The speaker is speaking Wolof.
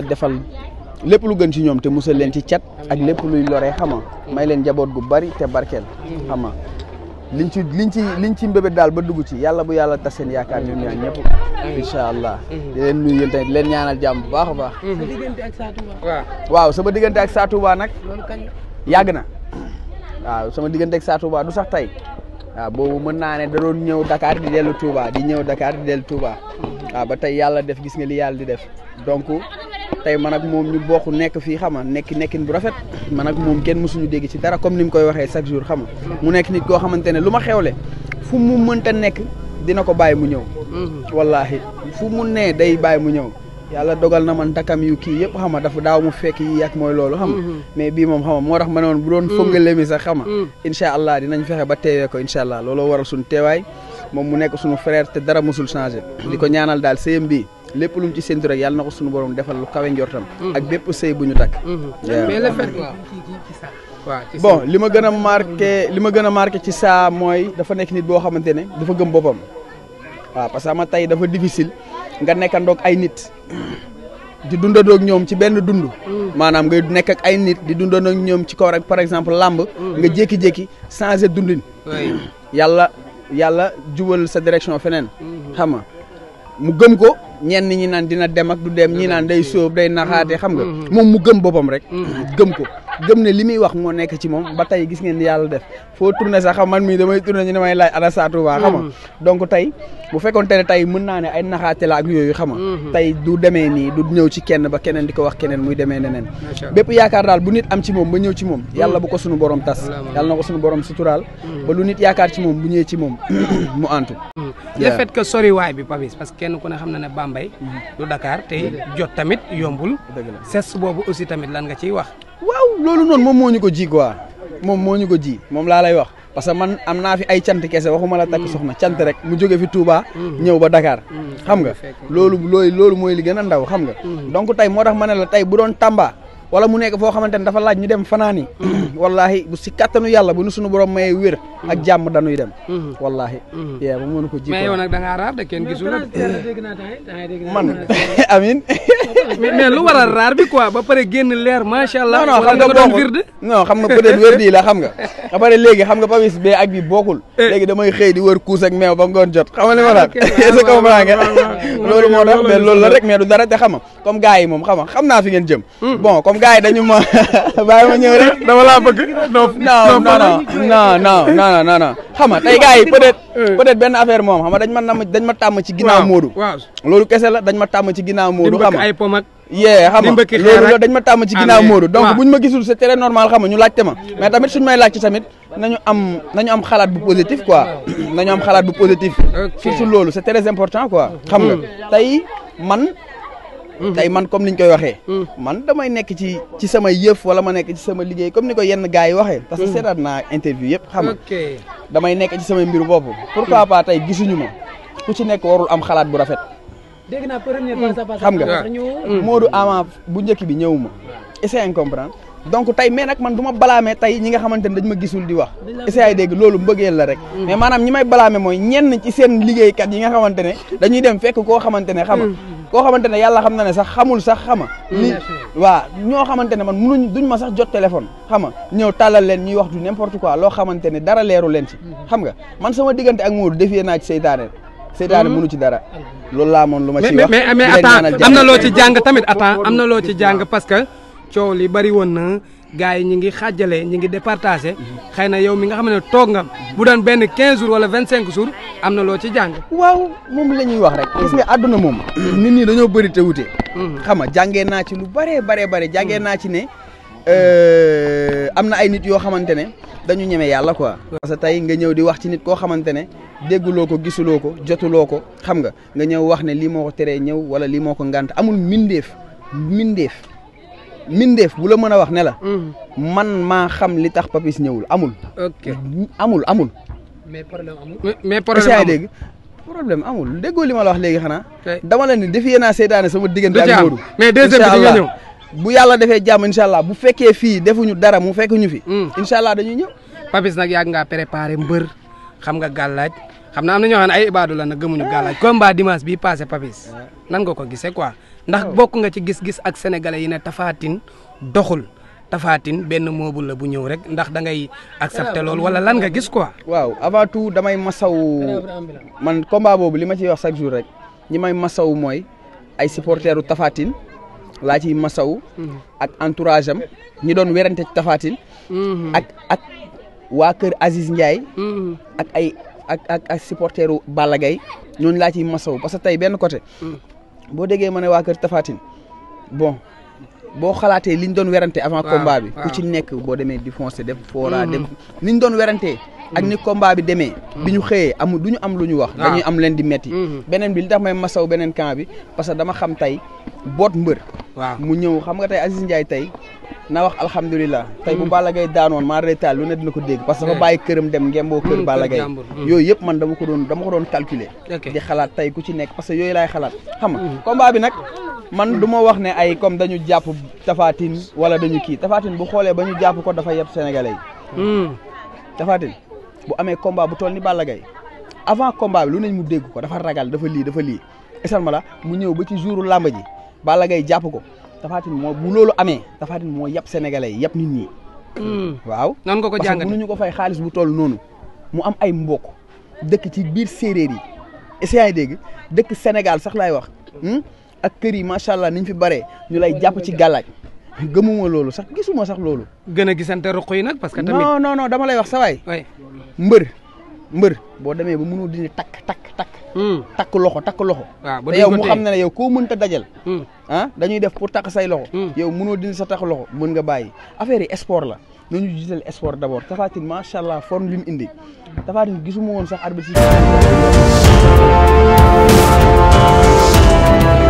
yàlla defal lépp lu gën ci ñoom te musal leen ci cat ak lépp luy lore xama may leen jaboot gu bari te barkeel xama liñ ci liñ ci liñ ci mbébét daal ba dugg ci yàlla bu yàlla tas seen yaakaar ñun ñaan ñëpp incha allah mhm. di leen nuyu yéen tamit leen ñaanal jàmm bu baax a baax mhm. waaw sama diggante ak saatu baa nag yàgg na waaw sama diggante ak Sa Touba du sax tey waaw boobu mën naa ne da doon ñëw Dakar di dellu Touba di ñëw Dakar di dellu Touba mhm. waaw ba tey yàlla def gis nga li yàlla di def tey man ak moom ñu bokk nekk fii xama nekk nekkin bu rafet man ak moom kenn mësuñu dégg ci dara comme ni mu koy waxee chaque jour xama mu nekk nit koo xamante ne lu ma xewle fu mu mënta nekk dina ko bàyyi mu ñëw mhm. wallaahi fu mu nee day bàyyi mu ñëw yàlla dogal na man takkam yu kii yëpp xama dafa daaw mu fekk yi ak mooy loolu xama mhm. mais bii moom xama moo tax ma ne woon bu doon mhm. fongale mi sax xama incha allah dinañ fexe ba teewee ko incha allah looloo waral suñu teewaay moom mu nekk suñu frère dara mosul changé di ko ñaanal daal sëyam bii lépp lu mu ci séntu rek yàlla na ko suñu borom defal lu kawe njortam. Mm-hmm. ak bépp say bu ñu takk. Mm-hmm. mais waaw bon li ma gën a marqué li ma gën a marqué ci saa mooy dafa nekk nit boo xamante ne dafa gëm boppam. waaw parce que ama tey dafa difficile nga nekkandoog ay nit. di dundandoog ñoom ci benn dund. Mm-hmm. maanaam ngay nekk ak ay nit di dundandoog ñoom ci kaw rek par exemple làmb. nga jékki-jékki changé dundin. yàlla yàlla jubal sa direction feneen. xam mu gëm ko. ñenn ñi naan dina dem ak du dem ñi naan day sóob day naxaate xam nga mm-hmm. moom mu gëm boppam rek mm-hmm. gëm ko gëm ne li muy wax moo nekk ci moom ba tey gis ngeen ni yàlla def foo tourné sax xam man mii damay tourné ñu ne may laaj ana Sa Touba xam nga mm-hmm. donc tey bu fekkoonte ne tey mën naa ne ay naxaate la ak yooyu xam nga mm-hmm. tey du demee nii du ñëw ci kenn ba keneen di ko wax keneen muy demee neneen bépp yaakaar daal bu nit am ci moom ba ñëw ci moom mm. yàlla bu ko suñu borom tas yàlla na ko suñu borom suturaal mm. ba lu nit yaakaar ci moom bu ñëwee ci moom mu antu mm. le fait que soriwaay bi Papis parce que kenn ku ne xam na ne Bambey mm-hmm. du Dakar te jot tamit yombul ses boobu aussi tamit lan nga ciy wax waaw loolu noonu moom moo ñu ko ji quoi moom moo ñu ko ji moom laa lay wax parce que man am naa fi ay cant kese waxuma la takk mm. soxna cant rek mu jóge fi Touba. Mm. ñëw ba dakaar mm. xam nga loolu looy loolu mooy li gën a ndaw xam nga. donc tey moo tax ma ne la tey bu doon Tamba. wala mu nekk foo xamante ne dafa laaj ñu dem fanaani mm-hmm. wallahi bu si kattanu yàlla bu nu suñu borom mayee a ak mm-hmm. jàmm dañuy dem mm-hmm. wallahi yee ba mënu ko ji mais yow nag da ngaa raar de kenn gisul a amin mais lu waral raar bi quoi ba pare génn leer macha allah non xam nga bokkul non xam nga peut xam nga ba pare léegi xam nga pawis bee ak bi bokkul eh. léegi damay xëy di wër kuus ak meew ba ngoon jot xam nga li ma la est-ce que comprends nga loolu moo tax mais loolu la rek mais du dara te xam nga comme xam nga xam naa fi ngeen jëm hmm. gars yi dañu ma bàyyi ma ñëw rek. na laa bëgg. non non non non non yi eh. benn affaire moom xam nga dañ ma nam dañ ma tàmm ci ginnaaw Moodu. waaw loolu kese la dañ ma tàmm ci ginnaaw Moodu. xam nga ay pom ak. yee xam nga loolu la dañ ma tàmm ci ginnaaw Moodu. donc buñ ma gisul c'est très normal xam nga ñu laajte ma. mais tamit suñ may laajte tamit nañu am nañu am xalaat bu positif quoi nañu am xalaat bu positif. surtout loolu c'est très important quoi. xam nga hmm. man Mm-hmm. tey man comme niñ koy waxee mm-hmm. man damay nekk ci ci yëf wala ma nekk ci sama liggéey comme ni ko yenn gars yi waxee parce que mm-hmm. seetaat naa interview yëpp xam nga damay nekk ci sama mbiru bopp pourquoi pas tey gisuñu ma ku ci nekk warul am xalaat bu rafet dégg naa première xam nga Modou Ama bu njëkk bi ñëwuma essayer en comprendre donc tey mais nag man du ma balaamee tey ñi nga xamante ne dañ ma gisul di wax essaye dégg loolu mbëggeel la rek mais maanaam ñi may balaame mooy ñenn ci seen liggéeykat yi nga xamante ne dañuy dem fekk koo xamante ne xam koo xamante ne yàlla xam na ne sax xamul sax xama li mm. waa ñoo xamante ne man munuñ duñ ma sax jot téléphone xama ñëw tàllal leen ñuy wax du n'importe quoi loo xamante ne dara leeru leen ci mm-hmm. xam nga man sama diggante ak Modou defee naa ci seytaane seytaane mënu mm-hmm. ci dara loolu laa moom lu ma ci wax mais mais mais attends am na loo ci jàng tamit attends am na loo ci jàng parce que coow li bari woon na gars yi ñu ngi xaajale ñu ngi départagé xëy na yow mi nga xam ne toog nga bu daan benn 15 jours wala 25 jours am na loo ci jàng. waaw moom la ñuy wax rek. gis nga àdduna moom. nit ñi dañoo bëri te wute. Hmm. xam nga jàngee naa ci lu bëree bare bare jàngee hmm. naa ci ne euh, am na ay nit yoo xamante ne dañu ñeme yàlla quoi. parce que tey nga ñëw di wax ci nit koo xamante ne. dégguloo ko gisuloo ko jotuloo ko xam nga nga ñëw wax ne lii moo ko teree ñëw wala lii moo ko ngant amul mindeef mindeef. mindeef bu la mën a wax ne la. Hmm. man maa xam li tax papis ñëwul amul. ok amul amul. mais problème amul. mais problème amul dégg problème amul déggoo li ma la wax léegi xanaa. dama la ni defee naa seytaane sama diggante ak Modou. mais deuxième bi bu yàlla defee jàmm incha allah bu fekkee fii defuñu dara mu fekk ñu fi. Hmm. incha allah dañuy ñëw. papis nag yàgg ngaa préparé mbër xam nga gàllaaj xam naa am na ñoo xam ne ay ibaadu la nag gëmuñu gàllaaj combat dimanche bii passé papis nan nga ko gisee quoi. ndax oh. bokk nga ci gis-gis ak sénégalais yi ne tafaatin doxul tafaatin benn moobul la bu ñëw rek ndax dangay ngay accepté loolu wala lan nga gis quoi. waaw avant tout damay masaw man combat boobu li ma ciy wax chaque jour rek ñi may masaw mooy ay supporteru tafaatin Tine laa ciy masaw mm-hmm. ak entourage ñi doon werante ci Tapha mm-hmm. ak ak waa kër Aziz Ndiaye mm-hmm. ak ay ak ak ak supporteru Balla Gaye ñooñu laa ciy masaw parce que tey benn côté mm. boo degee ma ne waa kër tafaatin bon boo xalaatee liñ doon werante avant combat bi ku ci nekk boo demee di foncer def foora hmm. def liñ doon werante ak ni combat bi demee bi ñu xëyee amul du ñu am lu ñu wax ah. dañuy am leen di metti mhm. beneen bi li tax may masaw beneen camp bi parce que dama xam tey boot mbër waaw mu ñëw xam nga tey Aziz Ndiaye tey na wax alhamdulilah tey bu mhm. Balla Gaye daanoon maa reetaal lu ne dina ko dégg parce que dafa eh. bàyyi këram dem ngemboo kër mm, Balla Gaye mm. yooyu yëpp man dama ko doon dama ko doon calculer di xalaat tey ku ci nekk parce que yooyu laay xalaat xam nga mm. combat bi nag man du ma wax ne ay comme dañu jàpp Tapha wala dañu kii Tapha bu xoolee ba ñu jàpp ko dafa yeb sénégalais bu amee combat bu toll ni Balla Gaye avant combat bi lu nañ mu dégg ko dafa ragal dafa lii dafa lii esalma la mu ñëw ba ci jouru làmb ji Balla jàpp ko Tapha Tine moo bu loolu amee dafa Tine moo yab sénégalais yab nit ñi. Hmm. waaw nan nga ko jàngatee parce que ko fay xaalis bu toll noonu mu am ay mbokk dëkk ci biir séeréer yi essayé dégg dëkk Sénégal sax laay wax hmm? ak kër yi macha allah ni ñu fi baree ñu lay jàpp ci gàllaaj gëmuma loolu sax gisuma sax loolu. gën a gisante ruq yi parce que tamit non non dama lay wax sa mbër mbër boo demee ba mënoo dindi takk tak takk. Hmm. takk loxo takk loxo. Ah, te yow mu xam ne ne yow koo mënta dajal. Hmm. ah dañuy def pour takk say loxo. Hmm. yow mënoo dindi sa takk loxo mën nga bàyyi affaire yi sport la nañu jiital sport d' abord Tapha Tine macha allah forme bi mu indi Tapha Tine gisuma woon sa arbitre